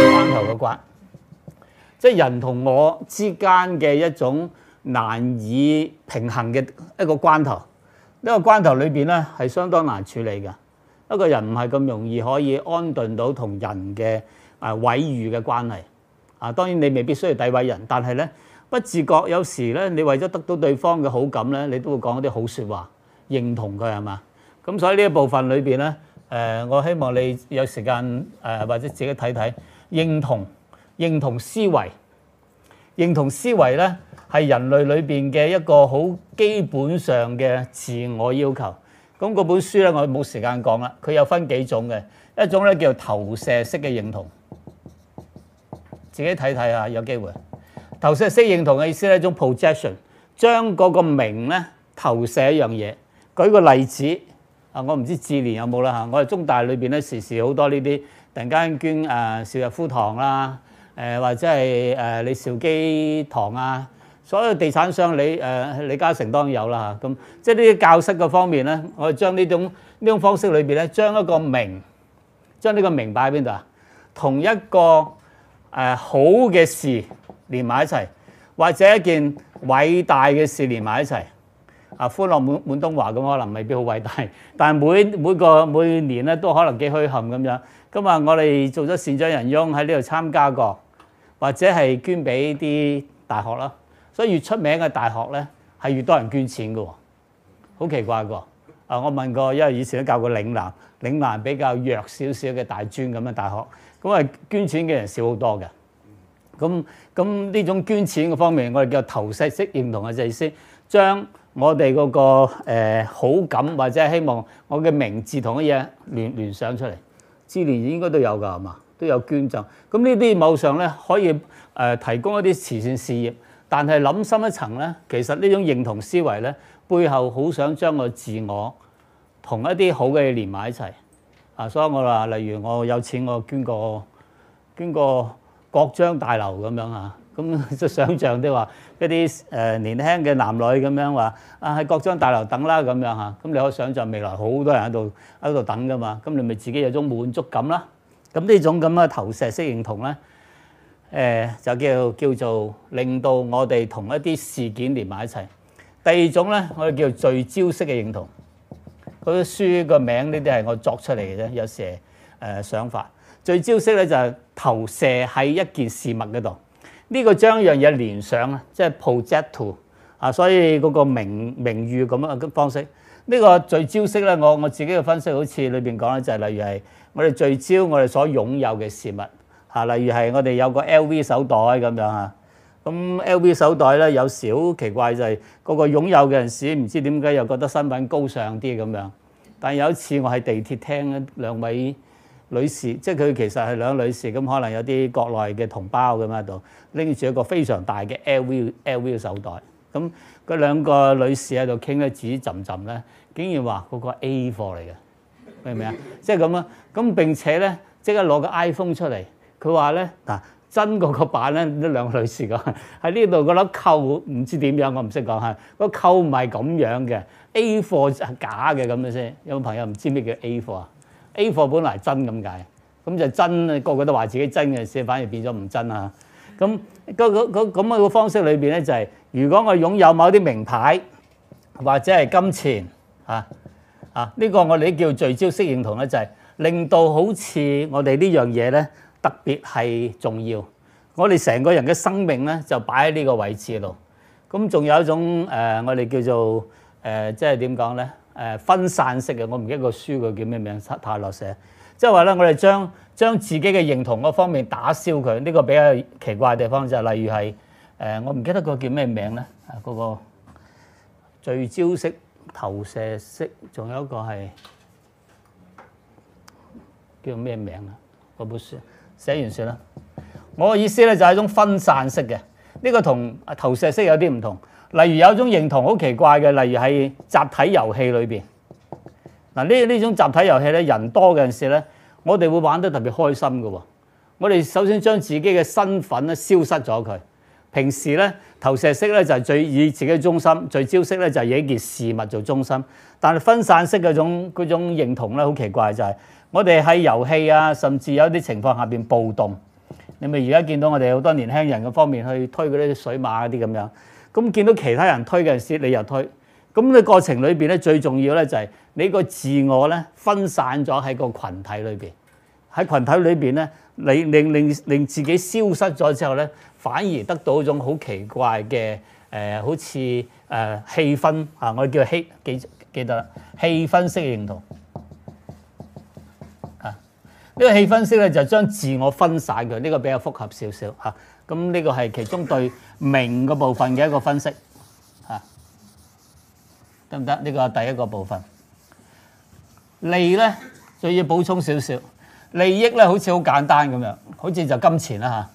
關頭嘅關，即係人同我之間嘅一種難以平衡嘅一個關頭。呢個關頭裏邊咧係相當難處理㗎。一個人唔係咁容易可以安頓到同人嘅誒毀譽嘅關係啊。當然你未必需要詆毀人，但係咧不自覺有時咧，你為咗得到對方嘅好感咧，你都會講一啲好說話，認同佢係嘛。咁所以呢一部分裏邊呢，誒，我希望你有時間誒，或者自己睇睇認同認同思維認同思維呢，係人類裏邊嘅一個好基本上嘅自我要求。咁本書呢，我冇時間講啦。佢有分幾種嘅一種呢，叫投射式嘅認同，自己睇睇下有機會投射式認同嘅意思咧，一種 projection 將嗰個名呢投射一樣嘢。舉個例子。啊，我唔知智聯有冇啦嚇，我哋中大裏邊咧，時時好多呢啲，突然間捐誒邵逸夫堂啦，誒或者係誒李兆基堂啊，所有地產商李誒李嘉誠當然有啦嚇，咁即係呢啲教室嘅方面咧，我哋將呢種呢種方式裏邊咧，將一個名，將呢個名擺喺邊度啊？同一個誒好嘅事連埋一齊，或者一件偉大嘅事連埋一齊。啊！歡樂滿滿東華咁，可能未必好偉大，但係每每個每年咧都可能幾墟冚咁樣。咁啊，我哋做咗善長人翁喺呢度參加過，或者係捐俾啲大學啦。所以越出名嘅大學咧，係越多人捐錢嘅喎，好奇怪嘅喎。啊，我問過，因為以前都教過嶺南，嶺南比較弱少少嘅大專咁嘅大學，咁啊捐錢嘅人少好多嘅。咁咁呢種捐錢嘅方面，我哋叫投射式認同嘅意思，將我哋嗰、那個、呃、好感或者希望我嘅名字同一嘢聯聯想出嚟，之聯應該都有㗎，係嘛？都有捐贈。咁呢啲某上咧可以誒、呃、提供一啲慈善事業，但係諗深一層咧，其實呢種認同思維咧，背後好想將個自我同一啲好嘅嘢連埋一齊。啊，所以我話，例如我有錢，我捐個捐個國章大樓咁樣啊。咁即係想像，即係話一啲誒年輕嘅男女咁樣話啊，喺國商大樓等啦咁樣嚇。咁你可以想象未來好多人喺度喺度等噶嘛。咁你咪自己有種滿足感啦。咁呢種咁嘅投射式認同咧，誒就叫叫做令到我哋同一啲事件連埋一齊。第二種咧，我哋叫做聚焦式嘅認同。嗰啲書個名呢啲係我作出嚟嘅啫，有時誒想法聚焦式咧就係投射喺一件事物嗰度。呢個將一樣嘢連上啊，即係 project to 啊，所以嗰個名名譽咁樣嘅方式。呢個聚焦式咧，我我自己嘅分析好似裏邊講咧，就係例如係我哋聚焦我哋所擁有嘅事物嚇，例如係我哋有個 LV 手袋咁樣嚇。咁 LV 手袋咧有少奇怪就係嗰個擁有嘅人士，唔知點解又覺得身份高尚啲咁樣。但係有一次我喺地鐵聽兩位，女士，即係佢其實係兩女士，咁可能有啲國內嘅同胞咁喺度拎住一個非常大嘅 LV LV 嘅手袋，咁嗰兩個女士喺度傾得紙浸浸咧，竟然話嗰個 A 貨嚟嘅，明唔明啊？ 即係咁啊。咁並且咧即刻攞個 iPhone 出嚟，佢話咧嗱真嗰個，個版咧，呢兩個女士講喺呢度個粒扣唔知點樣，我唔識講吓，個扣唔係咁樣嘅 A 貨係假嘅咁樣先，有冇朋友唔知咩叫 A 貨啊？A 貨本來真咁解，咁就真啊！個個都話自己真嘅，先反而變咗唔真啊！咁嗰嗰嗰咁嘅個方式裏邊咧，就係如果我擁有某啲名牌或者係金錢啊啊，呢、啊呢個我哋叫聚焦式認同咧，就係、係、令到好似我哋呢樣嘢咧特別係重要，我哋成個人嘅生命咧就擺喺呢個位置度。咁仲有一種誒、呃，我哋叫做誒、呃，即係點講咧？誒，分散式嘅，我唔記得個書佢叫咩名，泰泰勒寫，即係話咧，我哋將將自己嘅認同嗰方面打消佢，呢個比較奇怪嘅地方就係，例如係誒，我唔記得個叫咩名咧，嗰個聚焦式、投射式，仲有一個係叫咩名啊？嗰本書寫完算啦。我嘅意思咧就係一種分散式嘅。呢、這個同投射式有啲唔同，例如有一種很認同好奇怪嘅，例如係集體遊戲裏邊。嗱呢呢種集體遊戲咧，人多嘅陣時咧，我哋會玩得特別開心嘅喎。我哋首先將自己嘅身份咧消失咗佢。平時咧，投射式咧就係最以自己嘅中心，聚焦式咧就係以一件事物做中心。但係分散式嗰種嗰種認同咧好奇怪，就係我哋喺遊戲啊，甚至有啲情況下邊暴動。你咪而家見到我哋好多年輕人嘅方面去推嗰啲水馬嗰啲咁樣，咁見到其他人推嘅時你又推。咁嘅過程裏邊咧最重要咧就係你個自我咧分散咗喺個群體裏邊，喺群體裏邊咧你令令令自己消失咗之後咧，反而得到一種好奇怪嘅，誒、呃、好似誒氣氛啊，我哋叫氣記記得啦，氣氛式認同。呢個氣分析咧就將自我分散佢。呢個比較複合少少嚇。咁呢個係其中對名嘅部分嘅一個分析嚇，得唔得？呢個係第一個部分利咧，就要補充少少利益咧，好似好簡單咁樣，好似就金錢啦嚇。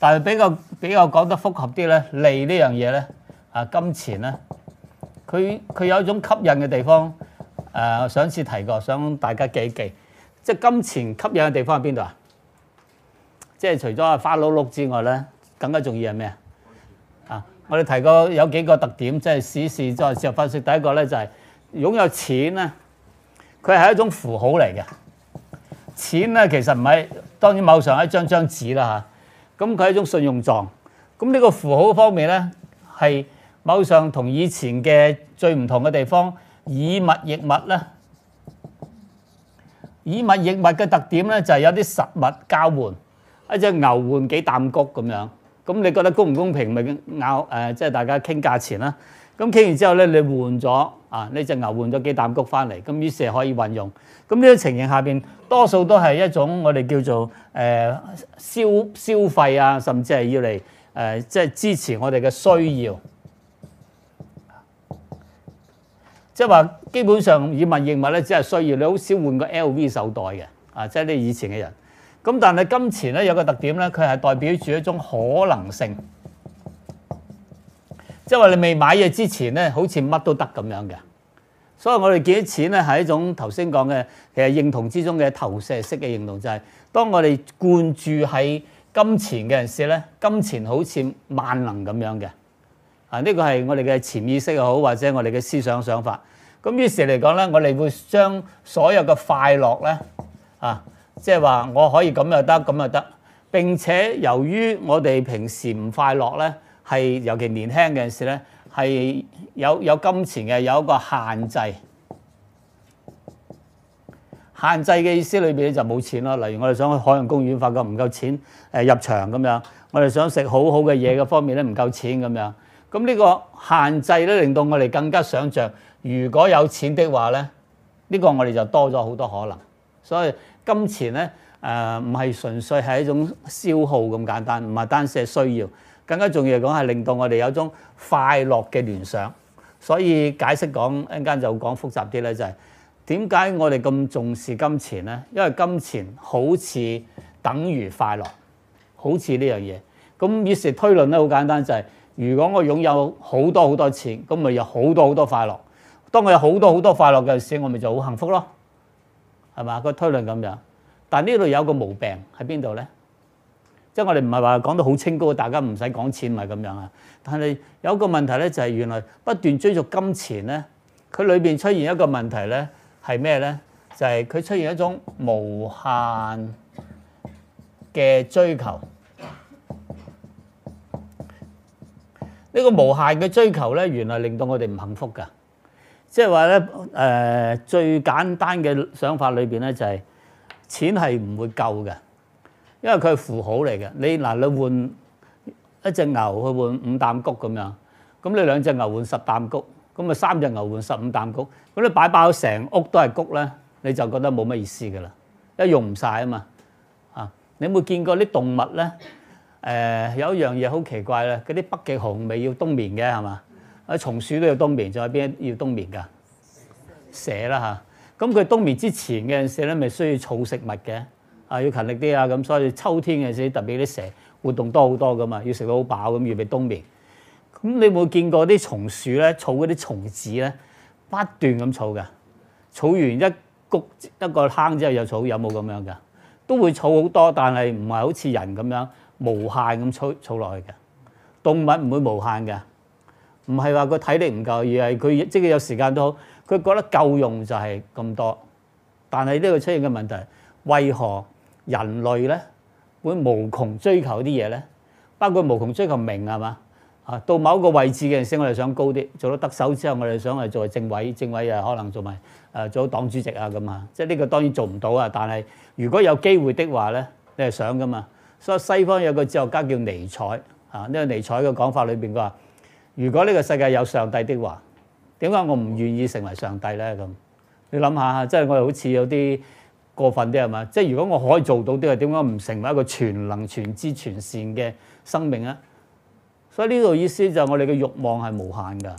但係比較比較講得複合啲咧，利呢樣嘢咧啊，金錢咧，佢佢有一種吸引嘅地方。我、呃、上次提過，想大家記一記，即係金錢吸引嘅地方喺邊度啊？即係除咗花碌碌之外咧，更加重要係咩啊？啊，我哋提過有幾個特點，即係時時在常發說。第一個咧就係、是、擁有錢咧，佢係一種符號嚟嘅。錢咧，其實唔係，當然某上係一張一張紙啦嚇，咁佢係一種信用狀。咁呢個符號方面咧，係某上同以前嘅最唔同嘅地方。以物易物咧，以物易物嘅特點咧就係有啲實物交換，一隻牛換幾啖谷咁樣。咁你覺得公唔公平咪咬？誒，即係大家傾價錢啦。咁傾完之後咧，你換咗啊呢隻牛換咗幾啖谷翻嚟。咁於是可以運用。咁呢種情形下邊多數都係一種我哋叫做誒、呃、消消費啊，甚至係要嚟誒即係支持我哋嘅需要。即係話基本上以物易物咧，只係需要你好少換個 LV 手袋嘅，啊！即係你以前嘅人。咁但係金錢咧有個特點咧，佢係代表住一種可能性。即係話你未買嘢之前咧，好似乜都得咁樣嘅。所以我哋見啲錢咧係一種頭先講嘅其實認同之中嘅投射式嘅認同，就係、是、當我哋灌注喺金錢嘅陣時咧，金錢好似萬能咁樣嘅。啊！呢個係我哋嘅潛意識又好，或者我哋嘅思想想法。咁於是嚟講咧，我哋會將所有嘅快樂呢，啊，即係話我可以咁又得，咁又得。並且由於我哋平時唔快樂呢，係尤其年輕嘅陣時呢，係有有金錢嘅有一個限制，限制嘅意思裏邊咧就冇錢咯。例如我哋想去海洋公園，發覺唔夠錢誒、呃、入場咁樣；我哋想食好好嘅嘢嘅方面咧，唔夠錢咁樣。咁呢個限制咧，令到我哋更加想像，如果有錢的話呢，呢、呢個我哋就多咗好多可能。所以金錢呢，唔、呃、唔係純粹係一種消耗咁簡單，唔係單止係需要，更加重要嚟講係令到我哋有種快樂嘅聯想。所以解釋講一陣間就講複雜啲呢、就係，就係點解我哋咁重視金錢呢？因為金錢好似等於快樂，好似呢樣嘢。咁於是推論咧，好簡單就係、係。如果我擁有好多好多錢，咁咪有好多好多快樂。當我有好多好多快樂嘅時候，我咪就好幸福咯，係嘛？個推論咁樣。但呢度有個毛病喺邊度咧？即係、就是、我哋唔係話講到好清高，大家唔使講錢咪咁、就是、樣啊。但係有個問題咧，就係原來不斷追逐金錢咧，佢裏邊出現一個問題咧，係咩咧？就係、是、佢出現一種無限嘅追求。呢個無限嘅追求咧，原來令到我哋唔幸福噶。即係話咧，誒，最簡單嘅想法裏邊咧，就係錢係唔會夠嘅，因為佢係符號嚟嘅。你嗱你換一隻牛去換五啖谷咁樣，咁你兩隻牛換十啖谷，咁啊三隻牛換十五啖谷，咁你擺爆成屋都係谷咧，你就覺得冇乜意思噶啦，因為用唔晒啊嘛。啊，你有冇見過啲動物咧？誒、呃、有一樣嘢好奇怪咧，嗰啲北極熊咪要冬眠嘅係嘛？啊松鼠都要冬眠，仲有邊要冬眠噶？蛇啦嚇，咁、啊、佢冬眠之前嘅陣時咧，咪需要儲食物嘅，啊要勤力啲啊，咁所以秋天嘅時候特別啲蛇活動多好多噶嘛，要食到好飽咁要備冬眠。咁你有冇見過啲松鼠咧儲嗰啲松子咧不斷咁儲噶？儲完一谷一個坑之後又儲，有冇咁樣噶？都會儲好多，但係唔係好似人咁樣？無限咁儲儲落去嘅動物唔會無限嘅，唔係話個體力唔夠，而係佢即係有時間都好，佢覺得夠用就係咁多。但係呢個出現嘅問題，為何人類咧會無窮追求啲嘢咧？包括無窮追求名係嘛啊？到某一個位置嘅時，我哋想高啲，做到得，特首之後，我哋想係做為政委，政委又可能做埋、啊、做黨黨主席啊咁啊。即係呢個當然做唔到啊，但係如果有機會的話咧，你係想噶嘛？所以西方有個哲學家叫尼采，啊呢個尼采嘅講法裏邊佢話：如果呢個世界有上帝的話，點解我唔願意成為上帝呢？咁你諗下，即係我哋好似有啲過分啲係嘛？即係如果我可以做到啲，點解唔成為一個全能、全知、全善嘅生命呢？所以呢度意思就係我哋嘅欲望係無限㗎，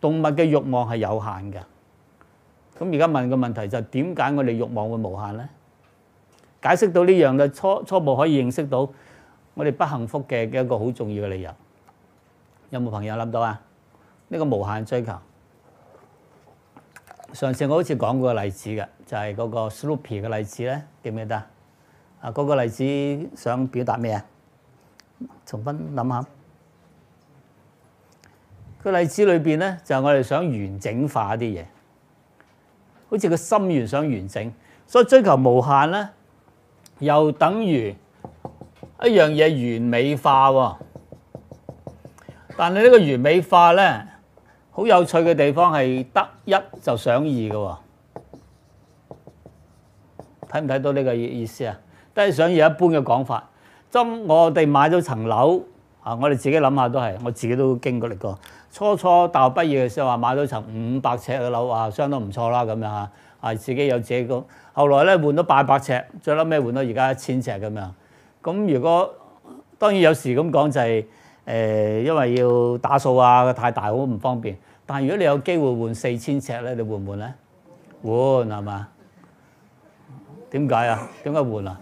動物嘅欲望係有限㗎。咁而家問個問題就係點解我哋欲望會無限呢？解釋到呢樣嘅初初步可以認識到我哋不幸福嘅一個好重要嘅理由。有冇朋友諗到啊？呢個無限追求。上次我好似講過個例子嘅，就係嗰個 Sloppy 嘅例子咧，記唔記得啊？啊，嗰個例子想表達咩啊？重新諗下。個例子裏面咧，就係我哋想完整化啲嘢，好似個心願想完整，所以追求無限咧。又等於一樣嘢完美化，但係呢個完美化咧，好有趣嘅地方係得一就想二嘅，睇唔睇到呢個意思啊？得一想二一般嘅講法。今我哋買咗層樓啊，我哋自己諗下都係，我自己都經歷過。初初大學畢業嘅時候買咗層五百尺嘅樓啊，相當唔錯啦咁樣啊，自己有自己個。後來咧換到八百尺，最尾換到而家一千尺咁樣。咁如果當然有時咁講就係誒，因為要打掃啊，太大好唔方便。但係如果你有機會換四千尺咧，你換唔換咧？換係嘛？點解啊？點解換啊？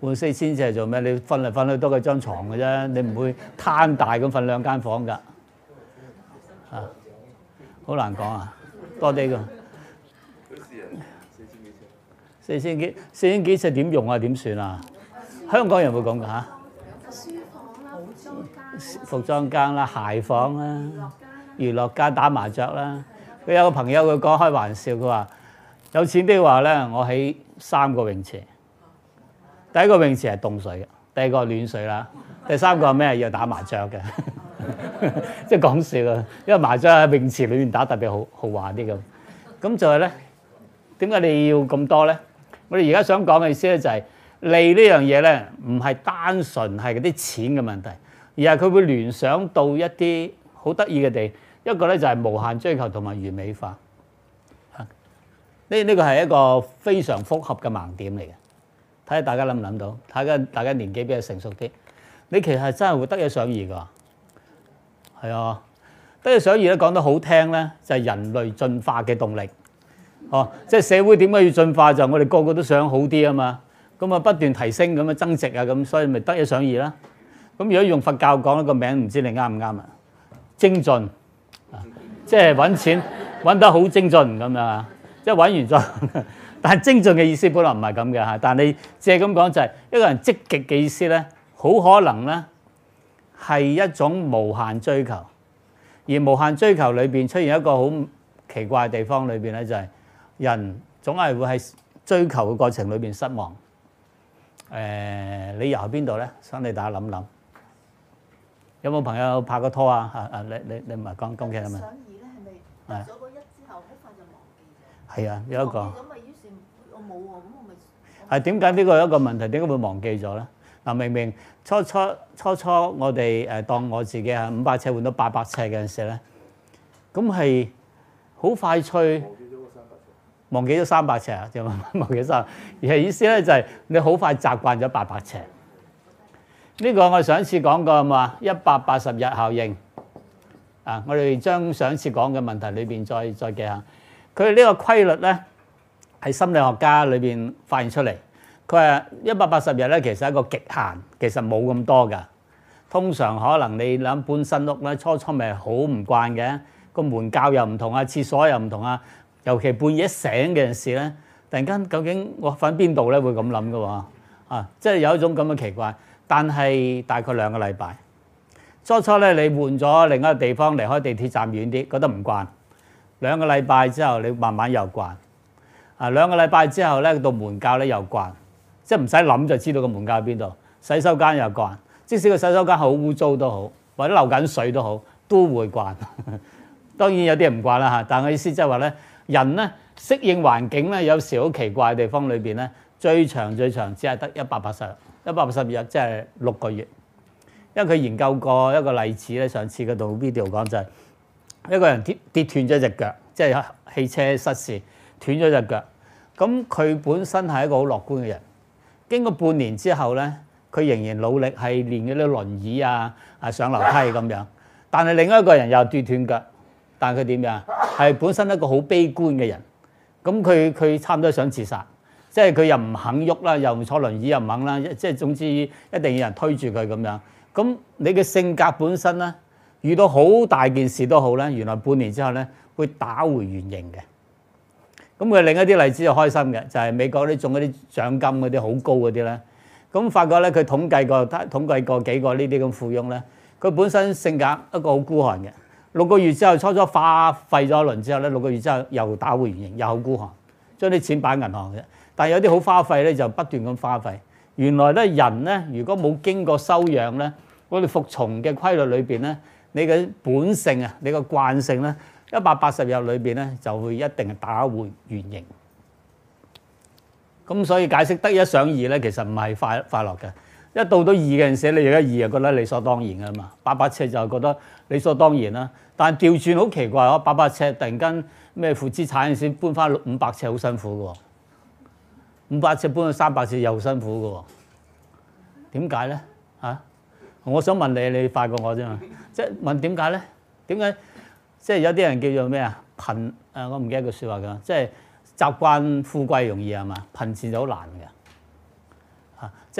換四千尺做咩？你瞓嚟瞓去都係張床嘅啫，你唔會攤大咁瞓兩間房㗎。嚇，好難講啊，多啲㗎。四千幾，四千幾，尺點用啊？點算啊？香港人會講㗎嚇。書房啦，服裝間啦、啊，鞋房啦、啊，娛樂間、啊，打麻雀啦、啊。佢有個朋友，佢講開玩笑，佢話：有錢的話咧，我喺三個泳池。第一個泳池係凍水，第二個是暖水啦，第三個係咩？要打麻雀嘅，即係講笑啊！因為麻雀喺泳池裏面打，特別好，豪華啲咁。咁就係咧，點解你要咁多咧？我哋而家想講嘅意思咧、就是，就係利呢樣嘢咧，唔係單純係嗰啲錢嘅問題，而係佢會聯想到一啲好得意嘅地。一個咧就係無限追求同埋完美化。呢呢個係一個非常複合嘅盲點嚟嘅。睇下大家諗唔諗到？睇下大家年紀比較成熟啲？你其實真係會得一想二㗎。係啊，得一想二咧，講得好聽咧，就係、是、人類進化嘅動力。哦，即係社會點解要進化，就係、我哋個個都想好啲啊嘛，咁啊不斷提升咁啊增值啊咁，所以咪得一上二啦。咁如果用佛教講咧、這個名，唔知你啱唔啱啊？精進 賺， 即係揾錢揾得好精進咁樣即係揾完咗， 但精進嘅意思本來唔係咁嘅嚇，但係借咁講就係、係、一個人積極嘅意思咧，好可能咧係一種無限追求，而無限追求裏面出現一個好奇怪嘅地方裏面咧就係、係。人總係會喺追求嘅過程裏邊失望。誒，理由喺邊度咧？想你大家諗諗，有冇朋友拍過拖啊？嚇！誒，你你你唔係講今期係咪？想二咧係咪？誒。咗個一之後，好快就忘記啫。係啊，有一個。咁咪於是，我冇喎，咁我咪。係點解呢個有一個問題？點解會忘記咗咧？嗱，明明初初初初，我哋誒當我自己係五百尺換到八百尺嘅陣時咧，咁係好快脆。忘記咗三百尺，就忘記咗。而係意思咧，就係你好快習慣咗八百尺。呢個我上一次講過，係嘛？一百八十日效應。啊，我哋將上一次講嘅問題裏邊再再記下。佢呢個規律咧，喺心理學家裏邊發現出嚟。佢話一百八十日咧，其實係一個極限，其實冇咁多㗎。通常可能你諗搬新屋咧，初初咪好唔慣嘅，個門教又唔同啊，廁所又唔同啊。尤其半夜醒嗰陣時咧，突然間究竟我瞓邊度咧？會咁諗嘅喎，啊，即係有一種咁嘅奇怪。但係大概兩個禮拜，初初咧你換咗另一個地方，離開地鐵站遠啲，覺得唔慣。兩個禮拜之後你慢慢又慣。啊，兩個禮拜之後咧到門教咧又慣，即係唔使諗就知道個門教喺邊度，洗手間又慣，即使個洗手間好污糟都好，或者流緊水都好，都會慣。呵呵當然有啲人唔慣啦嚇，但係我意思即係話咧，人咧適應環境咧，有時好奇怪嘅地方裏邊咧，最長最長只係得一百八十日，一百八十二日即係六個月。因為佢研究過一個例子咧，上次佢同 video 講就係一個人跌跌斷咗隻腳，即係汽車失事斷咗隻腳。咁佢本身係一個好樂觀嘅人，經過半年之後咧，佢仍然努力係練嗰啲輪椅啊啊上樓梯咁樣。但係另外一個人又跌斷腳。但佢點樣？係本身一個好悲觀嘅人，咁佢佢差唔多想自殺，即係佢又唔肯喐啦，又唔坐輪椅又唔肯啦，即係總之一定要人推住佢咁樣。咁你嘅性格本身咧，遇到好大件事都好咧，原來半年之後咧會打回原形嘅。咁佢另一啲例子就開心嘅，就係美國啲種嗰啲獎金嗰啲好高嗰啲咧，咁發覺咧佢統計過統計過幾個呢啲咁富翁咧，佢本身性格一個好孤寒嘅。六個月之後，初初花費咗一輪之後咧，六個月之後又打回原形，又好孤寒，將啲錢擺銀行嘅。但有啲好花費咧，就不斷咁花費。原來咧，人咧，如果冇經過修養咧，我哋服從嘅規律裏面咧，你嘅本性啊，你嘅慣性咧，一百八十日裏面咧，就會一定打回原形。咁所以解釋得一想二咧，其實唔係快快樂嘅。一到到二嘅人寫你而家二啊，覺得理所當然㗎嘛，八百尺就覺得理所當然啦。但係調轉好奇怪喎，八百尺突然間咩負資產先搬翻五百尺好辛苦㗎，五百尺搬去三百尺又辛苦㗎。點解咧嚇？我想問你，你快過我啫嘛？即係問點解咧？點解即係有啲人叫做咩啊？貧誒，我唔記得句説話㗎，即係習慣富貴容易係嘛，貧賤就好難㗎。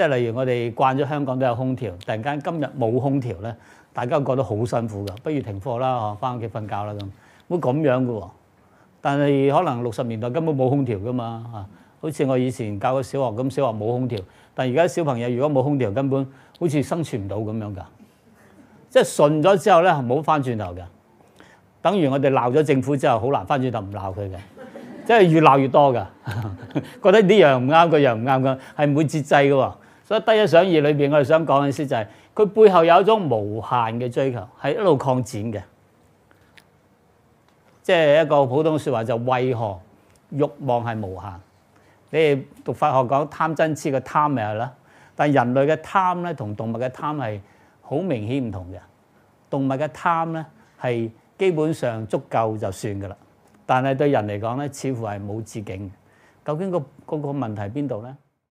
即係例如我哋慣咗香港都有空調，突然間今日冇空調咧，大家覺得好辛苦噶，不如停課啦，嗬，翻屋企瞓覺啦。咁會咁樣噶喎，但係可能六十年代根本冇空調噶嘛，嚇。好似我以前教個小學咁，小學冇空調，但係而家小朋友如果冇空調，根本好似生存唔到咁樣噶。即係順咗之後咧，唔好翻轉頭嘅。等於我哋鬧咗政府之後，好難翻轉頭唔鬧佢嘅。即係越鬧越多噶，覺得呢樣唔啱，嗰樣唔啱噶，係唔會節制噶喎。所得一想二裏邊，我哋想講嘅意思就係，佢背後有一種無限嘅追求，係一路擴展嘅。即係一個普通說話就是，為何慾望係無限？你哋讀法學講貪嗔癡嘅貪咪係咯？但係人類嘅貪咧，同動物嘅貪係好明顯唔同嘅。動物嘅貪咧係基本上足夠就算噶啦，但係對人嚟講咧，似乎係冇止境。究竟個嗰個問題喺邊度咧？